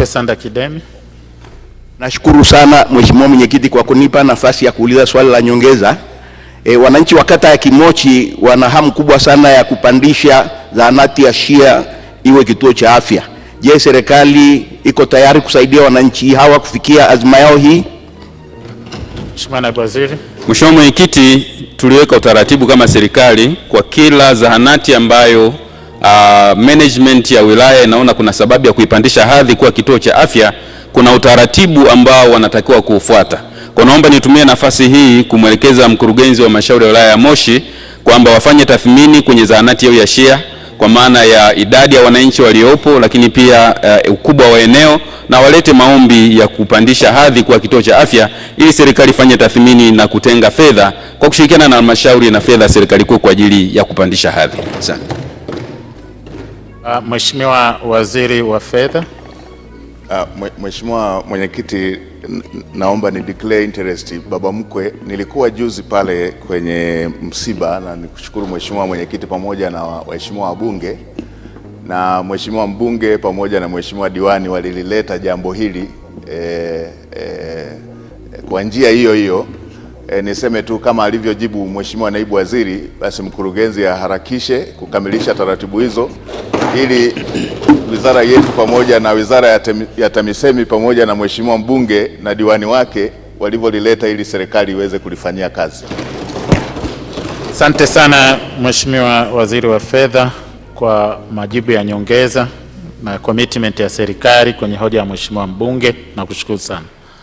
Sesanda Kidemi. Nashukuru sana Mheshimiwa Mwenyekiti kwa kunipa nafasi ya kuuliza swali la nyongeza. E, wananchi wa kata ya Kimochi wana hamu kubwa sana ya kupandisha zahanati ya Shia iwe kituo cha afya. Je, serikali iko tayari kusaidia wananchi hawa kufikia azma yao hii? Mheshimiwa Naibu Waziri. Mheshimiwa Mwenyekiti, tuliweka utaratibu kama serikali kwa kila zahanati ambayo uh, management ya wilaya inaona kuna sababu ya kuipandisha hadhi kuwa kituo cha afya, kuna utaratibu ambao wanatakiwa kuufuata. Kwa naomba nitumie nafasi hii kumwelekeza mkurugenzi wa mashauri ya wilaya ya Moshi kwamba wafanye tathmini kwenye zahanati yao ya Shia kwa maana ya idadi ya wananchi waliopo, lakini pia uh, ukubwa wa eneo na walete maombi ya kupandisha hadhi kuwa kituo cha afya ili serikali ifanye tathmini na kutenga fedha kwa kushirikiana na halmashauri na fedha ya serikali kuu kwa ajili ya kupandisha hadhi. Asante. Uh, Mheshimiwa Waziri wa Fedha. Uh, Mheshimiwa Mwenyekiti, naomba ni declare interest baba mkwe. Nilikuwa juzi pale kwenye msiba, na nikushukuru Mheshimiwa Mwenyekiti pamoja na waheshimiwa wabunge na Mheshimiwa mbunge pamoja na Mheshimiwa diwani walilileta jambo hili eh, eh, kwa njia hiyo hiyo. E, niseme tu kama alivyojibu Mheshimiwa Naibu Waziri, basi mkurugenzi aharakishe kukamilisha taratibu hizo ili wizara yetu pamoja na wizara ya, tem, ya TAMISEMI pamoja na mheshimiwa mbunge na diwani wake walivyolileta ili serikali iweze kulifanyia kazi. Asante sana Mheshimiwa Waziri wa Fedha kwa majibu ya nyongeza na commitment ya serikali kwenye hoja ya mheshimiwa mbunge, nakushukuru sana.